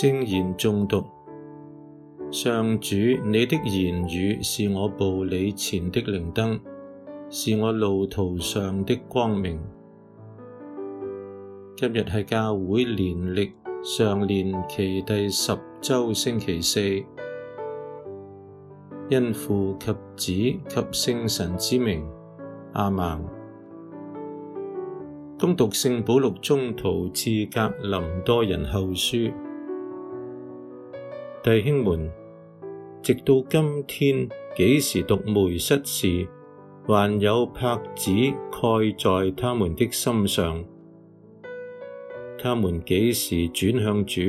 聖言誦讀，上主，你的言語是我步履前的靈燈，是我路途上的光明。今日係教會年曆常年期第十周星期四，因父及子及聖神之名，阿門。恭讀聖保祿宗徒至格林多人後書。弟兄們，直到今天，幾時讀梅瑟時，還有帕子蓋在他們的心上。他們幾時轉向主，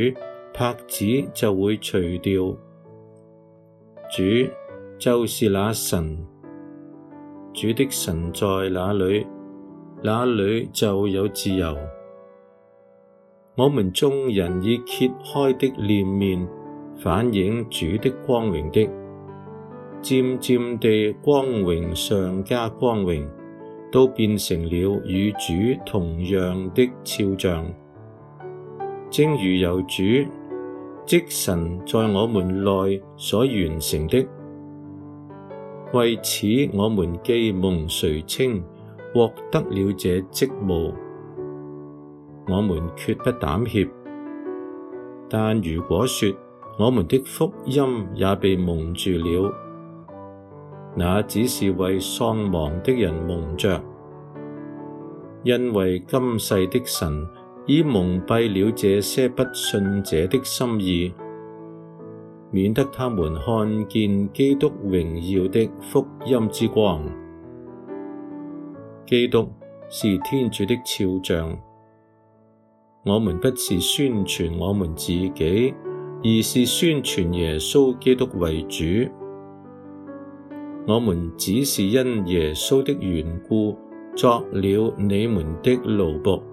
帕子就會除掉。主就是那神，主的神在那裏，那裏就有自由。我們眾人以揭開的臉面，反映主的光榮的，漸漸地光榮上加光榮，都變成了與主同樣的肖像。正如由主即神在我們內所完成的，為此我們既蒙垂青，獲得了這職務，我們決不膽怯。但如果說，我們的福音也被蒙住了，那只是為喪亡的人蒙着，因為今世的神已蒙蔽了這些不信者的心意，免得他們看見基督榮耀的福音之光。基督是天主的肖像，我們不是宣傳我們自己。而是宣傳耶穌基督為主，我們只是因耶穌的緣故作了你們的奴僕，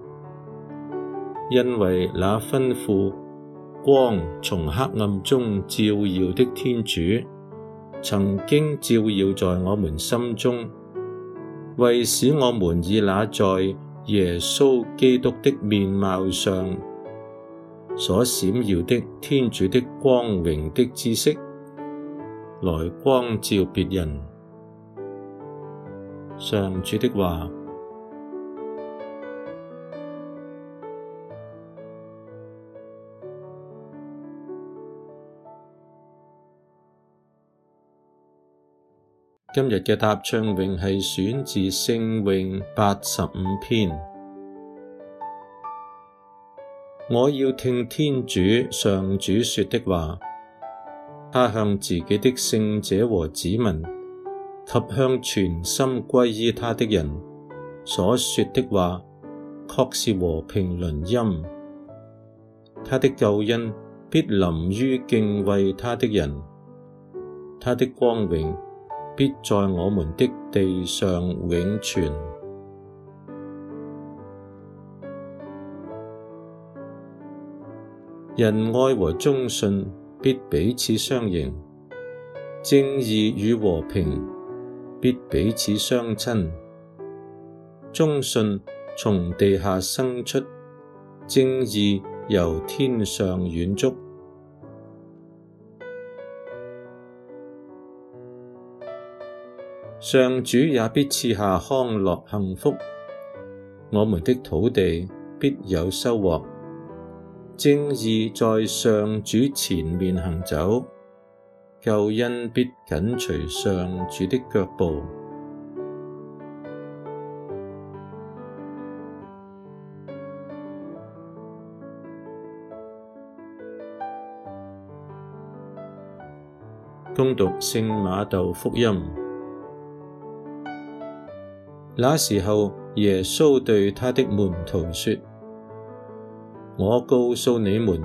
因為那吩咐光從黑暗中照耀的天主，曾經照耀在我們心中，為使我們以那在耶穌基督的面貌上，所閃耀的天主的光榮的知識，來光照別人。上主的話，今日嘅答唱詠係選自《聖詠》八十五篇。我要聽天主上主說的話，他向自己的聖者和子民及向全心皈依他的人所說的話，確是和平綸音。他的救恩必臨於敬畏他的人，他的光榮必在我們的地上永存。仁愛和忠信必彼此相迎，正義與和平必彼此相親。忠信從地下生出，正義由天上遠矚。上主也必賜下康樂幸福，我們的土地必有收穫。正義在上主前面行走，救恩必緊隨上主的腳步。恭讀聖馬竇福音，那時候耶穌對他的門徒說。我告訴你們，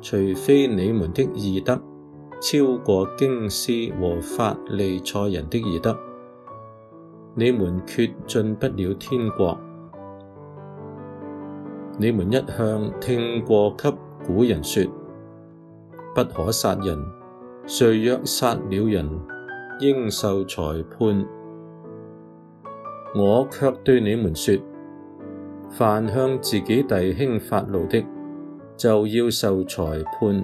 除非你們的義德超過經師和法利賽人的義德，你們決進不了天國。你們一向聽過給古人說，不可殺人，誰若殺了人，應受裁判。我卻對你們說：凡向自己弟兄發怒的，就要受裁判；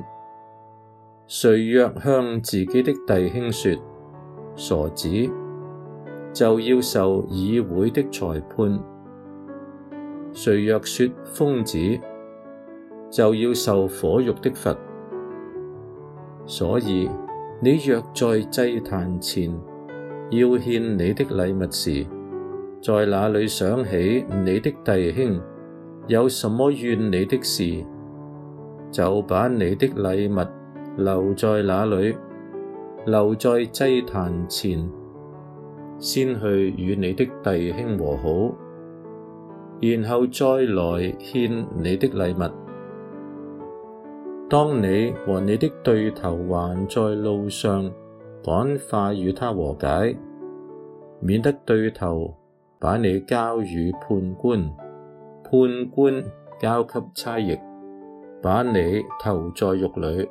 誰若向自己的弟兄說傻子，就要受議會的裁判；誰若說瘋子，就要受火獄的罰。所以，你若在祭壇前要獻你的禮物時，在那裡想起你的弟兄，有什麼怨你的事，就把你的禮物留在那裡，留在祭壇前，先去與你的弟兄和好，然後再來獻你的禮物。當你和你的對頭還在路上，趕快與他和解，免得對頭，把你交與判官，判官交給差役，把你投在獄裏。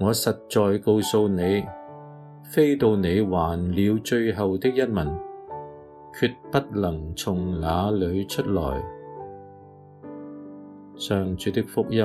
我實在告訴你，非到你還了最後的一文，決不能從那裏出來。上主的福音。